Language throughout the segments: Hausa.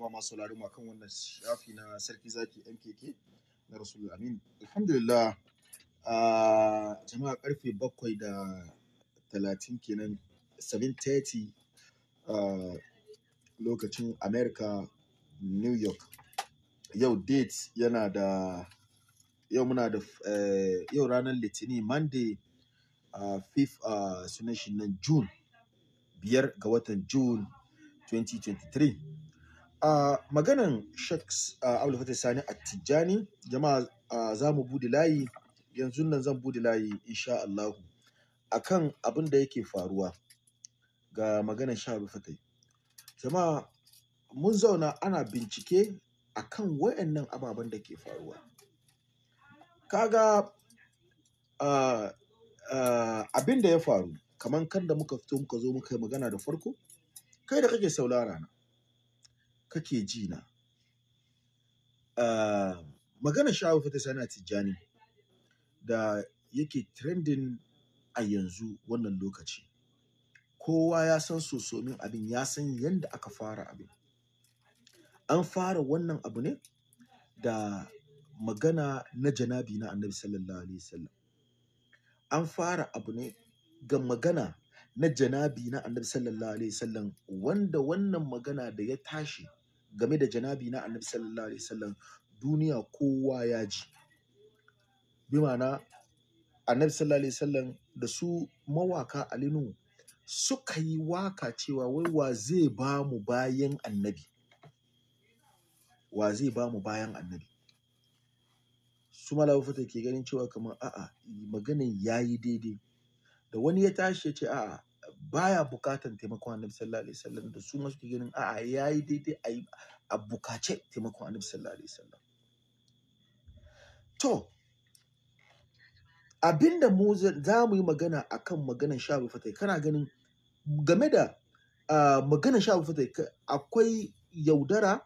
kuma masu sauraro mu kan wannan shafi na sarki zaki MKK na Rasulul Amin. Alhamdulillah a jama'a karfe bakwai da talatin kenan 7:30 uh, lokacin America New York. Yau date yana da yau muna da e, yau ranar Litinin Monday a 5 uh, sunan shi nan June ga watan June 2023 a maganan Sheikh Abdul Fatah Sani At-Tijjani jama'a za mu bude layi yanzu nan zan bude layi insha Allahu akan abin da yake faruwa ga maganan Sheikh Abdul jama'a mun zauna ana bincike akan wayannan ababen da ke faruwa kaga uh, abin da ya faru kamar kan da muka fito muka zo muka yi magana da farko kai da kake saulara na kake ji na? Uh, ah, magana Shehu Fata sana Tijjani da yake trending a yanzu wannan lokaci. Kowa ya san sosomin abin ya san yadda aka fara abin. An fara wannan abu ne da magana na janabi na annabi sallallahu alaihi wasallam. An fara abu ne ga magana na janabi na annabi sallallahu alaihi wasallam wanda wannan magana da ya tashi game da janabi na annabi sallallahu alaihi wasallam duniya kowa ya ji bi ma'ana annabi sallallahu alaihi wasallam da su mawaka alinu suka yi waka cewa wai wa zai ba mu bayan annabi wa zai ba mu bayan annabi su malamu fata ke ganin cewa kamar a'a maganin yayi daidai da wani ya tashi ya ce a'a baya bukatan taimakon annabi sallallahu alaihi wasallam da su masu a a'a yayi daidai a yi a bukace taimakon annabi sallallahu alaihi wasallam to abinda mu za mu yi magana akan maganar shabu fatai kana ganin game da maganar shabu fatai akwai yaudara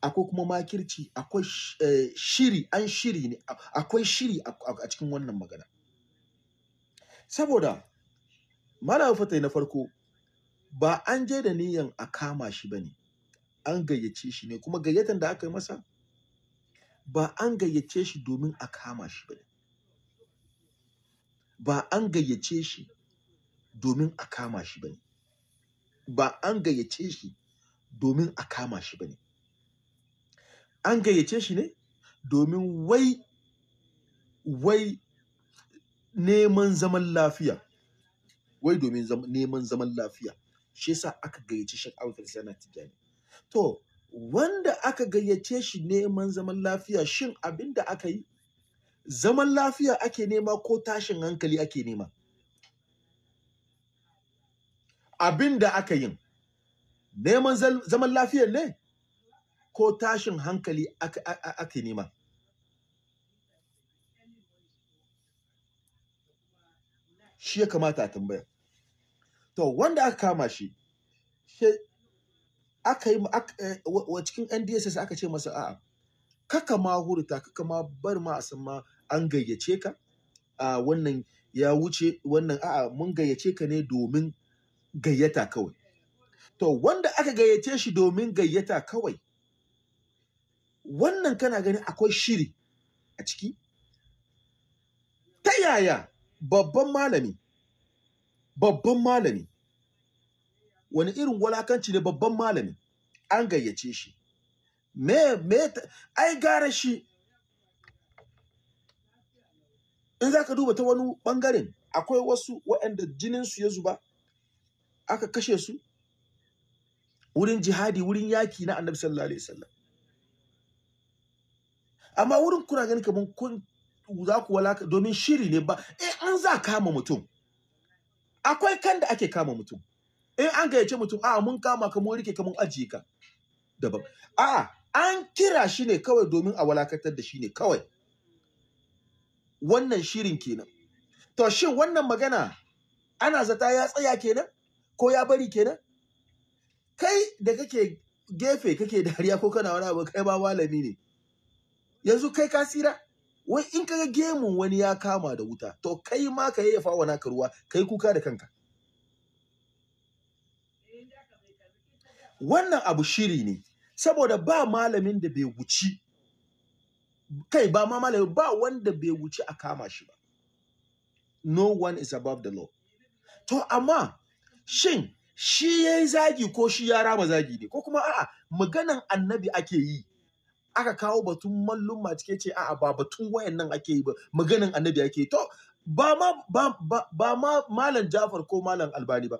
akwai kuma makirci akwai eh, shiri an shiri ne akwai shiri a cikin wannan magana saboda Malam fatai na farko ba an je da niyan a kama shi ba ne, an gayyace shi ne kuma gayyatan da aka yi masa ba an gayyace shi domin a kama shi ba ne. Ba an gayyace shi domin a kama shi ba ne. Ba an gayyace shi domin a kama shi ba ne. An gayyace shi ne domin wai wai neman zaman lafiya wai domin neman zaman lafiya shi yasa aka gayyaci shi Abdul Sana Tijani to wanda aka gayyace shi neman zaman lafiya shin abin da aka yi zaman lafiya ake nema ko tashin hankali ake nema abin da aka yin neman zaman lafiya ne ko tashin hankali ake nema shi ya kamata a tambaya to wanda aka kama shi aka yi eh, wa cikin NDSS aka ce masa a'a kaka ma hurta kaka ma bar ma a san ma an gayyace ka a wannan ya wuce wannan a'a mun gayyace ka ne domin gayyata kawai to wanda aka gayyace shi domin gayyata kawai wannan kana gani akwai shiri a ciki ta yaya babban malami babban malami wani irin walakanci ne babban malami an gayyace shi me me ai gara shi in zaka duba ta wani ɓangaren akwai wasu waɗanda jininsu ya zuba aka kashe su wurin jihadi wurin yaki na annabi sallallahu alaihi wasallam amma wurin kuna ganin kamar kun za ku walaka domin shiri ne ba eh an za kama mutum akwai kan da ake kama mutum in an gayyace mutum a mun kama ka mun rike ka mun ajiye ka daban a an kira shi ne kawai domin a walakatar da shi ne kawai wannan shirin kenan to shin wannan magana ana zata ya tsaya kenan ko ya bari kenan kai da kake gefe kake dariya ko kana wani abu kai ba malami ne yanzu kai ka tsira wai in kaga gemun wani ya kama da wuta to kai ma ka yayyafa wa naka ruwa kai kuka da kanka wannan abu shiri ne saboda ba malamin da bai wuci kai ba ma malamin ba wanda bai wuci a kama shi ba no one is above the law to amma shin shi ya yi zagi ko shi ya rama zagi ne ko kuma a'a maganan annabi ake yi aka kawo batun mallumma cike ce a'a ba batun wayannan ake yi ba maganin annabi ake yi to ba ma ba, ba, ma malam Jafar ko malam Albani ba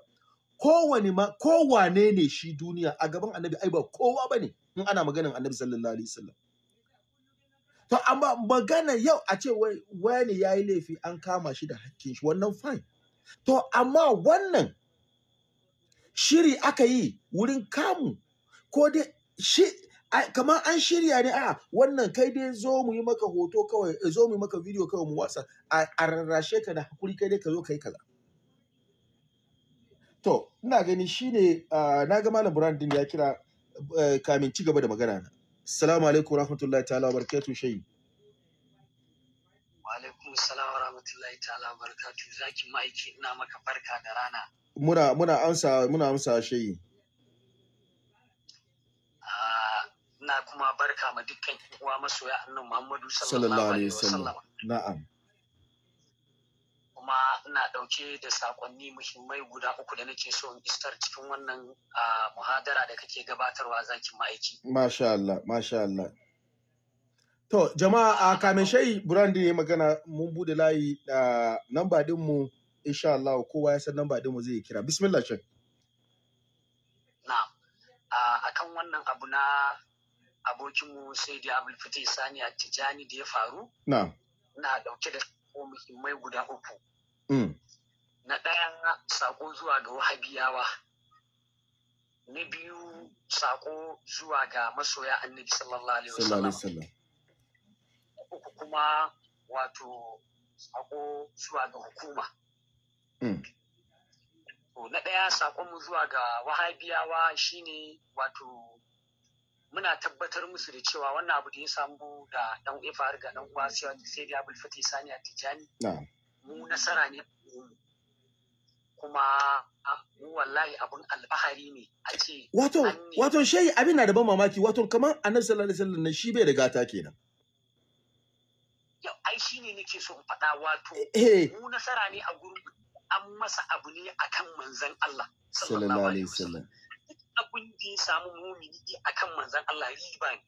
kowane ma kowane ne shi duniya a gaban annabi ai ba kowa bane in ana maganin annabi sallallahu alaihi wasallam to amma magana yau a ce wai wani yayi laifi an kama shi da hakkin shi wannan fine to amma wannan shiri aka yi wurin kamu ko dai shi kamar an shirya ne a wannan kai dai zo mu yi maka hoto kawai eh, zo mu yi maka video kawai mu wasa a rarrashe ka da hakuri kai dai ka zo kai kaza to ina gani shine na ga malam brandin ya kira eh, kamin ci gaba da magana na assalamu alaikum rahmatullahi ta'ala wa barakatuh shayi wa alaikum assalam rahmatullahi ta'ala wa barakatuh zaki ma'aiki ina maka barka da rana muna muna amsa muna amsa shayi na kuma barka ma dukkan uwa masoya annan Muhammadu sallallahu alaihi wasallam. Na'am. Kuma ina ɗauke da sakonni muhimmai guda uku da nake so in istar cikin wannan muhadara da kake gabatarwa zakin ma'aiki. Masha Allah, masha Allah. To, jama'a a kamin shayi Burandi ya magana mun bude layi da namba dinmu insha Allah kowa ya san namba dinmu zai kira. Bismillah shek. Na'am. a kan wannan abu na abokinmu sai da abul fitai sani a tijani da ya faru na dauke da sako muhimmai guda uku mm. na ɗaya sako zuwa ga wahabiyawa na biyu sako zuwa ga masoya annabi sallallahu alaihi wasallam uku kuma wato sako zuwa ga hukuma mm. na ɗaya sakonmu zuwa ga wahabiyawa shine wato muna tabbatar musu da cewa wannan abu da ya samu da dan uwa faru ga dan uwa sai da abul fati sani tijani mu nasara ne kuma mu wallahi abun alfahari ne a ce wato wato shehi abin na da ban mamaki wato kamar annabi sallallahu alaihi wasallam shi bai da gata kenan yau ai shi ne nake so in faɗa wato eh, eh. mu nasara ne a gurin an masa abu ne akan manzon Allah sallallahu alaihi wasallam abin da ya samu a akan manzon Allah riba ne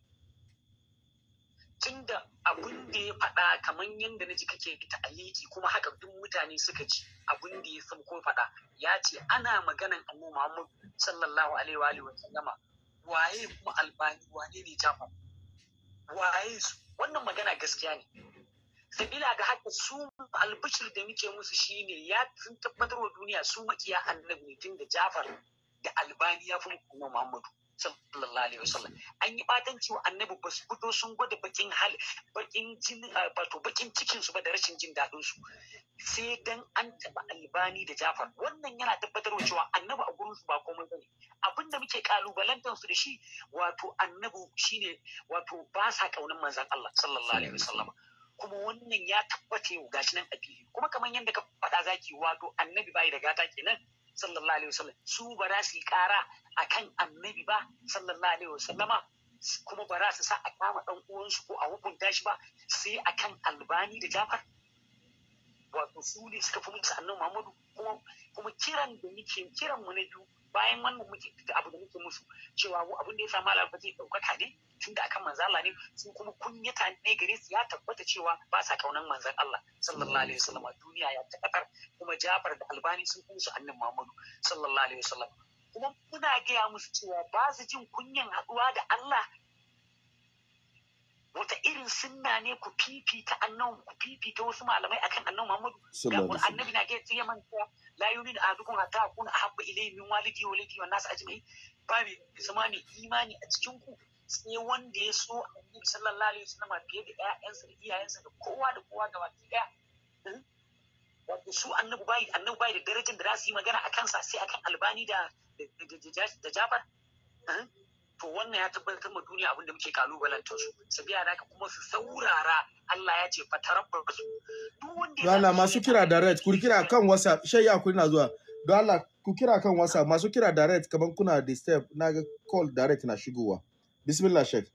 tunda abin da ya faɗa kamar yadda na ji kake ta aliki kuma haka duk mutane suka ci abin da ya ko faɗa ya ce ana maganan annu Muhammad sallallahu alaihi wa alihi wa sallama waye kuma albani waye ne jafa waye su wannan magana gaskiya ne sabila ga haka su albishir da muke musu shine ya sun tabbatar wa duniya su makiya annabi tun da Jafar da albani ya fi muhammadu muhammadu sallallahu alaihi wasallam an yi batan wa annabi ba su fito sun gwada bakin hal bakin jin wato bakin cikin su ba da rashin jin daɗinsu su sai dan an taba albani da jafar wannan yana tabbatar da cewa annabi a gurin su ba komai bane abinda muke kalubalantar su da shi wato annabi shine wato ba sa kaunin manzon Allah sallallahu alaihi wasallam kuma wannan ya tabbata yau gashi nan a fili kuma kamar yadda ka faɗa zaki wato annabi bai da gata kenan sallallahu alaihi wasallam su ba za su yi kara akan annabi ba sallallahu alaihi wasallama kuma ba za su sa a kama ɗan uwansu ko a hukunta shi ba sai akan albani da jafar wato su ne suka fi musu annan Muhammadu kuma kiran da muke kiran mu na biyu bayan wannan muke abu da muke musu cewa abin da ya samu Allah fati daukaka ne tun da akan manzala Allah ne sun kuma kunyata ne gare su ya tabbata cewa ba sa kaunan manzan Allah sallallahu alaihi wasallam duniya ya takatar kuma Jafar da Albani sun kuma su annabi Muhammadu sallallahu alaihi wasallam kuma muna gaya musu cewa ba su jin kunyan haɗuwa da Allah wata irin sunna ne ku fifita annabi ku fifita wasu malamai akan annabi Muhammadu. ga annabi na gaci ya ta la da azukun hatta kun ahabba ilayhi min walidi wa walidi wa nasu ajmai ba mai zama imani a cikin ku sai wanda ya so annabi sallallahu alaihi wasallam fiye da ƴaƴansa da iyayensa da kowa da kowa gaba ɗaya hmm? wato su annabi bai annabi bai da darajar da za su yi magana akan sa sai akan albani da da jabar hmm? to wannan ya tabbatar ma duniya abinda da muke kalubalantar su su biya da kuma su saurara Allah ya ce fatarabbar su duk wanda ya masu kira direct ku kira kan WhatsApp shai ya kuna zuwa don Allah ku kira kan WhatsApp masu kira direct kaman kuna disturb na ga call direct na shigowa bismillah shek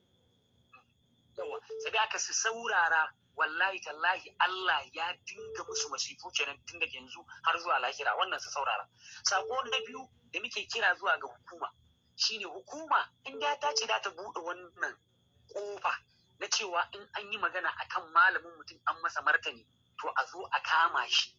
yawa sai aka su saurara wallahi tallahi Allah ya dinga musu masifu kenan tun daga yanzu har zuwa lahira wannan su saurara sako na biyu da muke kira zuwa ga hukuma shine hukuma in da ta ce da ta buɗe wannan kofa na cewa in an yi magana akan malamin mutum an masa martani to a zo a kama shi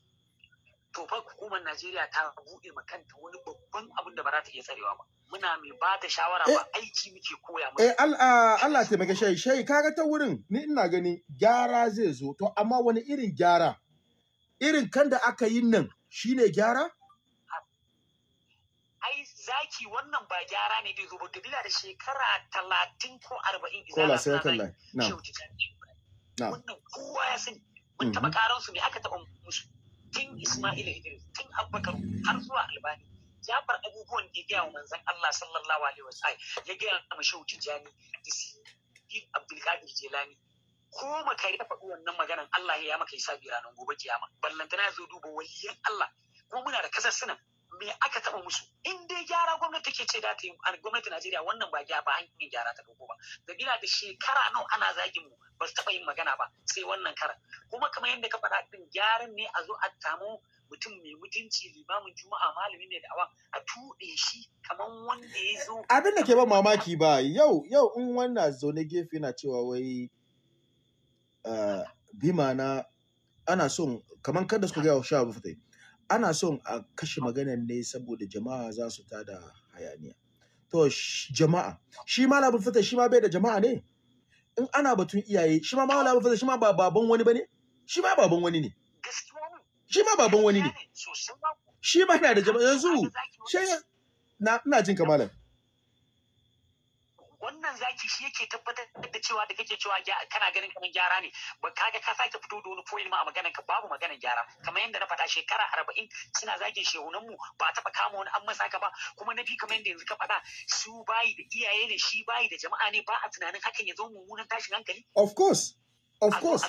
to fa hukumar Najeriya ta buɗe kanta wani babban abin da ba za ta iya tsarewa ba muna mai ba ta shawara ba eh, aiki muke koya mu eh ah, Allah Allah taimake shi shi kaga ta wurin ni ina gani gyara zai zo to amma wani irin gyara irin kan da aka yi nan shine gyara zaki wannan ba gyara ne bai zo ba dubila da shekara talatin ko arba'in izala sai wata lai wannan kowa ya sani mun mm-hmm. taɓa karan su ne aka taɓa musu tun Ismail Idris tun Abubakar har zuwa Albani ya bar abubuwan da ya gaya wa manzon Allah sallallahu alaihi wasallam ya gaya wa Shehu Tijani Isi Abdulkadir Jelani ko makari ka faɗi wannan maganan Allah ya maka hisabi ranar gobe kiyama ballantana ya zo duba waliyan Allah kuma muna da kasar sunan me aka taɓa musu in dai gyara gwamnati ke ce data yi gwamnati Najeriya wannan ba gyara ba an yi gyara ta dauko ba gina da shekara nawa ana zagin mu ba su taɓa yin magana ba sai wannan kara kuma kamar yadda ka faɗa din gyaran ne a zo a tamu mutum mai mutunci limamin juma'a malami da awa, a tuɗe shi kamar wanda ya zo abin da ke ba mamaki ba yau yau in wannan zaune gefe na cewa wai eh, bima na ana son kamar kada su gaya wa sha rufatai ana son a kashe maganan ne saboda jama'a za su tada hayaniya to jama'a shi ma labin fata shi ma bai da jama'a ne in ana batun iyaye shi ma ma labin fata shi ma ba baban wani bane shi ma baban wani ne shi ma baban wani ne shi ma yana da jama'a yanzu shi na ina jin malam zaki shi yake tabbatar da cewa da kake cewa kana ganin kamar gyara ne ba ga ka sake fito da wani point ma a maganar ka babu maganar gyara kamar yadda na faɗa shekara arba'in suna zagin shehunan mu ba taɓa kama wani an masa ka ba kuma na bi kamar yadda yanzu ka faɗa su bayi da iyaye ne shi bayi da jama'a ne ba a tunanin hakan ya zo mummunan tashin hankali of course of course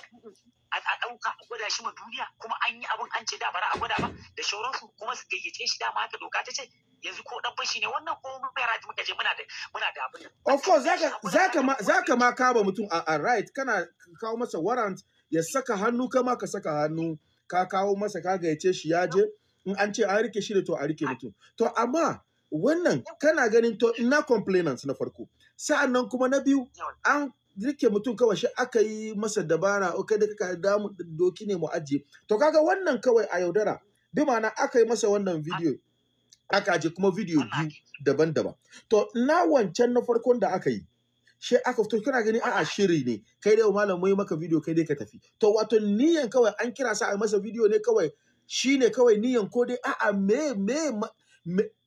a ɗauka a gwada shi ma duniya kuma an yi abun an ce da bara a gwada ba da shauransu kuma su gayyace shi dama haka doka ta ce yanzu ko dan fashi ne wannan ko mun bayar muka je muna da muna da abin of course zaka zaka ma zaka ma kaba mutum a right kana kawo masa warrant ya saka hannu kama ka saka hannu ka kawo masa ka gayyace shi ya je in an ce an rike shi da to a rike mutum to amma wannan kana ganin to ina complainants na farko sa'an nan kuma na biyu an rike mutum kawai shi aka yi masa dabara o kai da kaka damu doki ne mu ajiye to kaga wannan kawai a yaudara bi ma'ana aka yi masa wannan video aka je kuma video biyu daban-daban to na wancan na farkon da aka yi she aka fito kana gani a'a shiri ne kai dai malam mai maka video kai dai ka tafi to wato niyan kawai an kira sa a masa video ne kawai shine kawai niyan ko dai a'a me me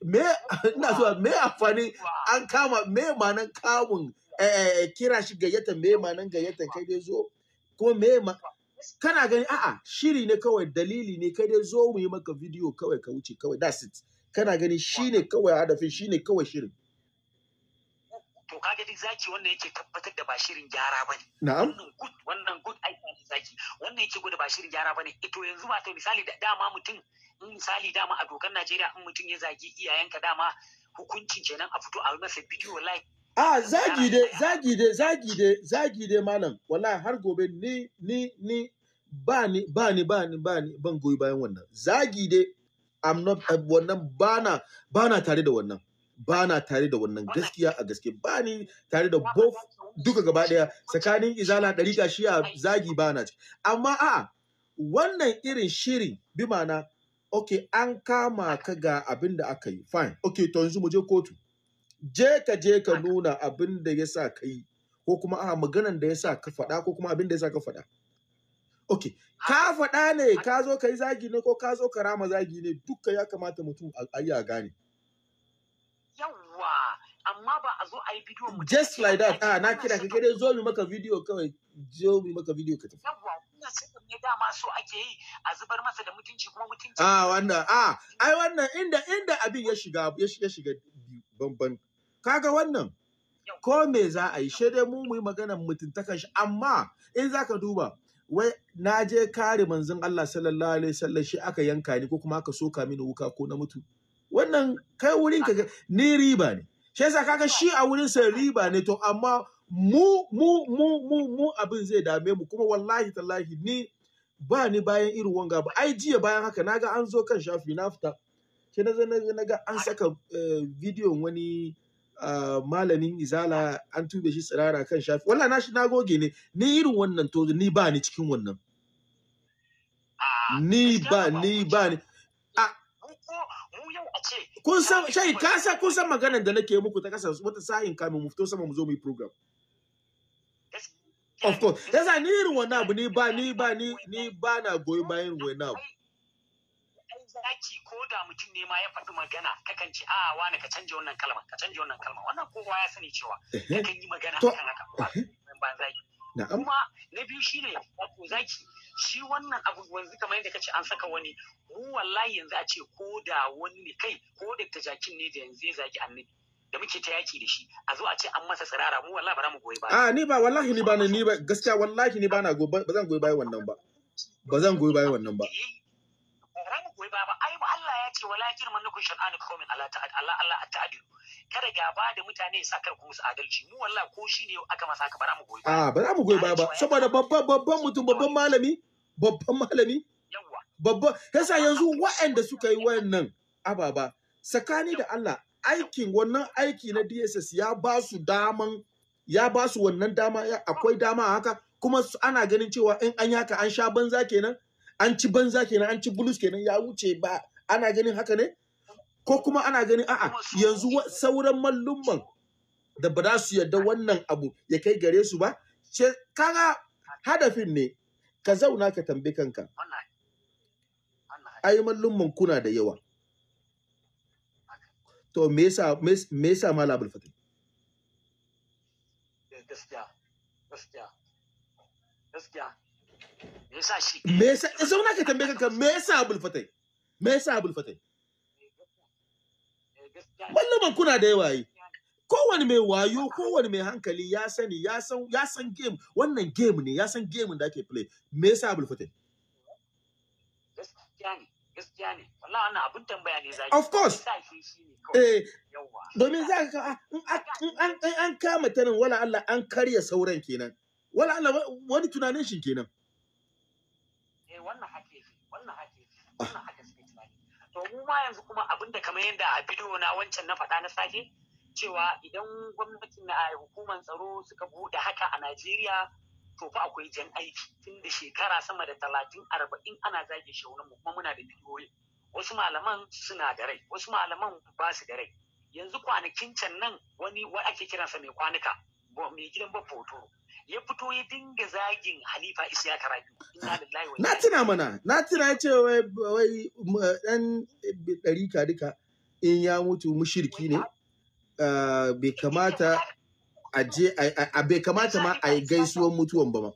me ina so me amfani an kama me manan kamun eh, kira shi gayyata me manan gayyata kai dai zo kuma me ma kana gani a'a shiri ne kawai dalili ne kai dai zo mu yi maka video kawai ka wuce kawai that's it kana gani shi ne kawai hadafin shi ne kawai shirin to kaga duk zaki wannan yake tabbatar da ba shirin gyara bane na'am wannan good wannan good aika ne zaki wannan yake gwada ba shirin gyara bane ito yanzu ba ta misali da dama mutum in misali dama a dokar Najeriya in mutum ya zagi iyayenka dama hukuncin kenan a fito a masa bidiyo live a zagi dai zagi dai zagi dai zagi dai malam wallahi har gobe ni ni ni ba ni ba ni ba ni ba ni ban goyi bayan wannan zagi dai I'm not wannan bana bana tare da wannan bana tare da wannan gaskiya a gaske ba ni tare da both duka gaba daya tsakanin izala ɗarika shi a zagi bana ce. amma a wannan irin shiri bi mana ok an kama ka ga abin da aka yi fine ok to yanzu mu je kotu je ka je ka nuna abin da ya sa ka yi ko kuma a maganan da ya sa ka faɗa ko kuma abin da ya sa ka faɗa ok ka faɗa ne ka zo ka yi zagi ne ko ka zo ka rama zagi ne dukka ya kamata mutum a yi a gane yawwa amma ba a zo a yi bidiyo mutum just like that ah na kira ka kira zo mi maka bidiyo kawai zo mi maka bidiyo ka tafi yawwa ina cikin ne dama so ake yi a zubar masa da mutunci kuma mutunci ah wannan ah ai wannan inda inda abin ya shiga ya shiga kaga wannan ko me za a yi shi dai mu mu yi maganar mutuntakan shi amma in za ka duba wai na je kare manzon Allah sallallahu alaihi wasallam shi aka yanka ni ko kuma aka soka mini wuka ko na mutu wannan kai wurin ka ni riba ne shi yasa kaga shi a wurin sa riba ne to amma mu mu mu mu mu abin zai dame mu kuma wallahi tallahi ni ba ni bayan irin wanga ba ai jiya bayan haka naga an zo kan shafi na fita sai na ga an saka video eh, wani malamin izala an tube shi tsirara kan shafi wala na shi nagoge goge ne ni irin wannan to ni ba ni cikin wannan ni ba ni ba ni kun san shai ka san kun san maganar da nake muku ta kasa wata sa'in kamin mu fito sama mu zo mu yi program of course yasa ni irin wannan abu ni ba ni ba ni ni ba na goyi bayan wannan abu zaki ko da mutum ne ma ya faɗi magana kakan ce a ah, wani ka canje wannan kalma ka canje wannan kalma wannan kowa ya sani cewa kakan yi magana kan haka ba zaki kuma na biyu shine wato zaki shi wannan abu wanzu kamar yadda kace an saka wani mu wallahi yanzu a ce ko da wani ne kai ko da tajakin ne da yanzu ya zaki annabi da muke ta yaki da shi a zo a ce an masa tsirara mu wallahi ba za mu goyi ba. a ah, ni ba wallahi ni ba ni ba gaskiya wallahi ni ba na ba zan goyi baya wannan ba ba zan goyi baya wannan ba ce wala jirman nukun shan'anu qaumin ala Allah Allah ta'dilu kada gaba da mutane ya kar ku musu adalci mu wallahi ko shine aka masa haka bara mu goyi a ah, bara mu goyi ba ba saboda babban babban mutum babban malami babban malami babban yasa yanzu wa'anda suka yi wannan ababa tsakani da Allah aikin wannan aiki na DSS ya ba su daman ya ba su wannan dama akwai dama haka kuma ana ganin cewa in an yaka an sha banza kenan an ci banza kenan an ci bulus kenan ya wuce ba ana ganin haka ne ko kuma ana ganin a'a yanzu sauran mallumman da ba za su yarda wannan abu ya kai gare su ba ce kaga hadafin ne ka zauna ka tambi kanka ai mallumman kuna da yawa to me yasa me yasa mala abul fatih eh, gaskiya gaskiya gaskiya me yasa shi me yasa zauna ka tambaye kanka me yasa abul fatih me yasa abul fatai mallaman kuna da yawaye yi mai wayo kowane mai hankali ya sani ya san ya san game wannan game ne ya san game da ake play me yasa abul fatai of course eh domin za ka an an kama ta nan wala Allah an karya sauran kenan wala Allah wani tunanin shi kenan eh wannan hakiki wannan hakiki wannan to mu ma yanzu kuma abinda kamar yadda a bidiyo na wancan na faɗa na safe cewa idan gwamnatin na eh, hukumar tsaro suka buɗe haka a Najeriya to fa akwai jan aiki tun da shekara sama da talatin arba'in ana zage shaunin mu kuma muna da bidiyoyi wasu malaman suna da rai wasu malaman ba su da rai yanzu kwanakin can nan wani wa ake kiransa mai kwanuka mai gidan ba hoto. ya fito ya dinga zagin halifa isiyaka rabi inna wa na tuna mana na tuna ya ce wai wai dan ɗarika duka in ya mutu mushirki ne ah, bai kamata a je a bai kamata ma a yi gaisuwan mutuwan ba ma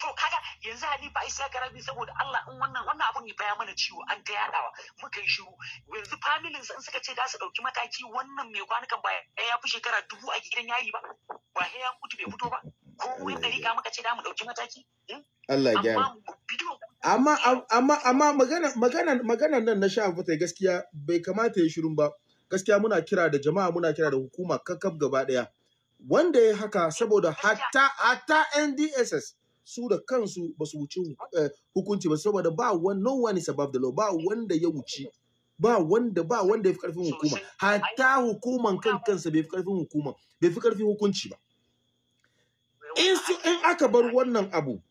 to ka yanzu Hali ba isa karabi saboda Allah in wannan wannan abun ya baya mana ciwo an ta yadawa muka yi shiru yanzu familin sun suka ce za su dauki mataki wannan mai kwanukan ba ya fi shekara dubu a gidan yari ba ba ya mutu bai fito ba ko wani ka muka ce za mu dauki mataki hmm? Allah ya amma amma amma magana magana magana nan na sha fata gaskiya bai kamata ya shiru ba gaskiya muna kira da jama'a muna kira da hukuma kakkaf gaba daya wanda ya haka saboda hatta hatta NDSS su da kansu ba su wuce eh, hukunci ba saboda ba one no one is above the law ba wanda ya wuce ba wanda ba wanda ya fi karfin hukuma hatta hukuman kan kansa bai fi karfin hukuma bai fi karfin hukunci ba in su in aka bar wannan abu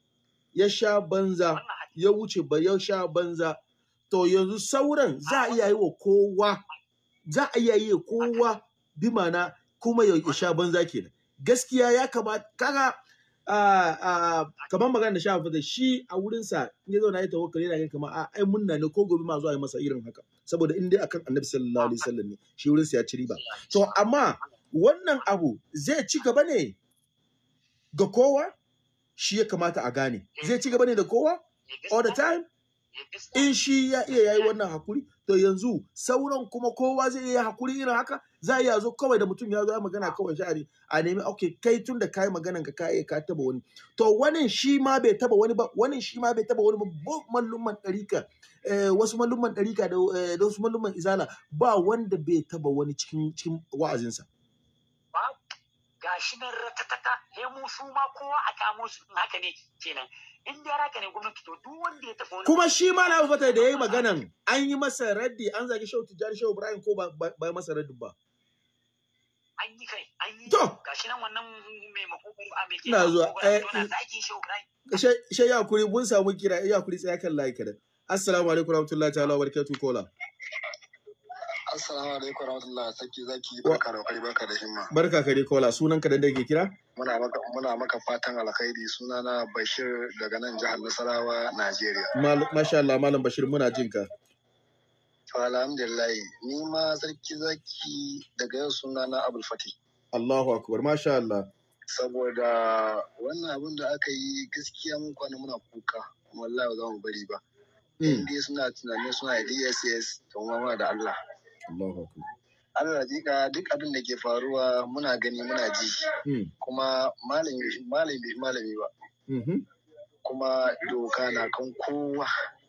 ya sha banza ya wuce ba ya sha banza to yanzu sauran za a iya yi wa kowa za a iya yi kowa bi mana kuma ya sha banza kenan gaskiya ya kamata kaga kamar magana da shafa da shi a wurinsa in ya zauna ya tawakkali yana ganin kamar a ai munna ne ko gobe ma zuwa yi masa irin haka saboda in dai akan annabi sallallahu alaihi wasallam ne shi wurinsa ya ci riba to amma wannan abu zai ci gaba ne ga kowa shi ya kamata a gane zai ci gaba ne da kowa all the time in shi ya iya yayi wannan hakuri to yanzu sauran kuma kowa zai iya hakuri irin haka za a iya zo kawai da mutum ya zo ya magana kawai sha'ani a nemi ok kai tun da yi maganan ka kai ka taba wani to wani shi ma bai taba wani ba wani shi ma bai taba wani ba mallum'an ɗarika eh, wasu mallum'an ɗarika eh, da wasu mallum'an izala ba wanda bai taba wani cikin cikin wa'azinsa gashi nan ratatata lemu su ma kowa a kamo su haka ne kenan kuma shi ma na fata da yayi maganan an yi masa raddi an zagi Shehu Tijjani Shehu Ibrahim ko ba ba masa raddi ba an yi kai an yi to gashi nan wannan mai makogoro a ah, mai kira ko ina zuwa eh shi ya kuri mun samu kira ya kuri tsaya kan layi kadan assalamu alaikum warahmatullahi ta'ala wa barakatuh kola Assalamu alaikum warahmatullahi sarki zaki barka da kai barka da himma. Barka kare kola sunan ka da dake kira? Muna maka muna maka fatan alkhairi sunana Bashir daga nan jihar Nasarawa Najeriya. Masha Allah malam Bashir muna jin ka. Alhamdulillah ni ma sarki zaki daga yau sunana Abdul Fatih. Allahu akbar masha Allah. Saboda wannan abin da aka yi gaskiya mun kwana muna kuka wallahi ba za mu bari ba. Hmm. Inda suna tunanin suna DSS to ma da Allah. Allah akbar. duk abin da ke faruwa muna gani muna ji. Hmm. Kuma malami malami malami ba. Mm-hmm. Kuma doka na kan kowa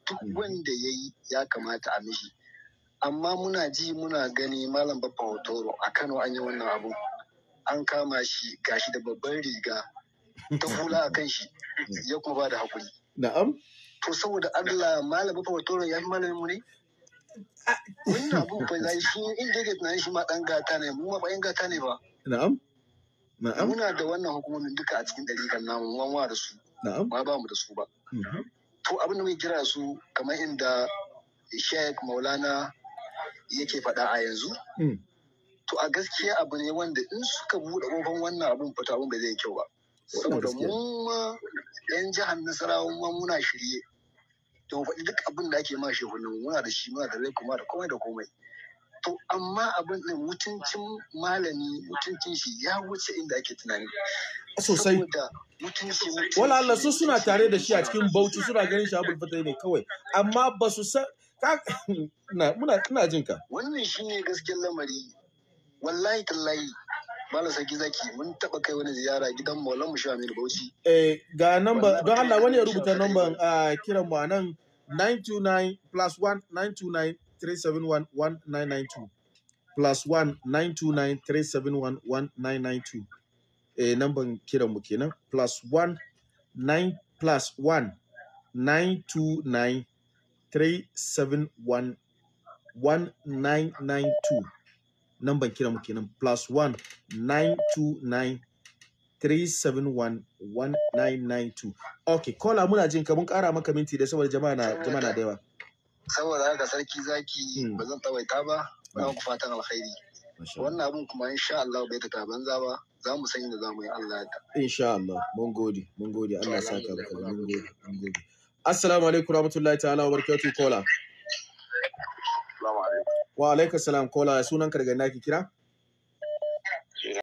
duk mm-hmm. wanda ya yi ya kamata a mishi. Amma muna ji muna gani malam Baffa Hotoro a Kano an yi wannan abu. An kama shi gashi da babban riga ta hula a kan shi ya kuma ba da hakuri. To saboda Allah malam Baffa Hotoro ya fi malamin mu ne? Wannan abun fa zai shi inda yake tunanin shi ma ɗan gata ne, mu ma ba ɗan gata ne ba. Na'am. Na'am. Muna da wannan hukumomin duka a cikin ɗarikan namu, mu ma da su. Na'am. Ma ba mu da su ba. Mm-hmm. To abin da muke kira su kamar inda Sheikh Maulana yake faɗa a yanzu. Mm. To a gaskiya abu ne wanda in suka buɗe kofan wannan abun fita abun ba zai kyau ba. Saboda mu ma 'yan jihar Nasarawa muna shirye. to mu faɗi duk abin da ake ma shehunan muna da shi muna da rai kuma da komai da komai to amma abin din mutuncin malami mutuncin shi ya wuce inda ake tunani sosai wala Allah su suna tare da shi a cikin bauchi suna ganin shi abin fatai ne kawai amma ba su san muna jin ka wannan shine gaskiyar lamari wallahi tallahi Malam Sarki Zaki mun taɓa kai wani ziyara gidan Maulan mu Shehu Aminu Bauchi. Eh ga number don Allah wani ya rubuta number a ah, kiran mu a nan 929 plus 1 929 371 1992 plus 1 929 371 1992 eh number kiran mu kenan plus 1 9 plus 1 929 371 1992 number kiran mu kenan plus 1 929-371-1992 Okay, kola muna jin ka mun kara maka minti da saboda jama'a na jama'a na da yawa saboda haka sarki zaki hmm. ba zan tawaita ba ba ku fatan alkhairi wannan abun kuma insha Allah bai ta banza ba za mu san da za mu yi Allah ta insha Allah mun gode mun gode Allah sa ka baka mun gode mun gode assalamu alaikum rahmatullahi ta'ala wa barkatu kola wa alaikum salam kola sunan ka daga kira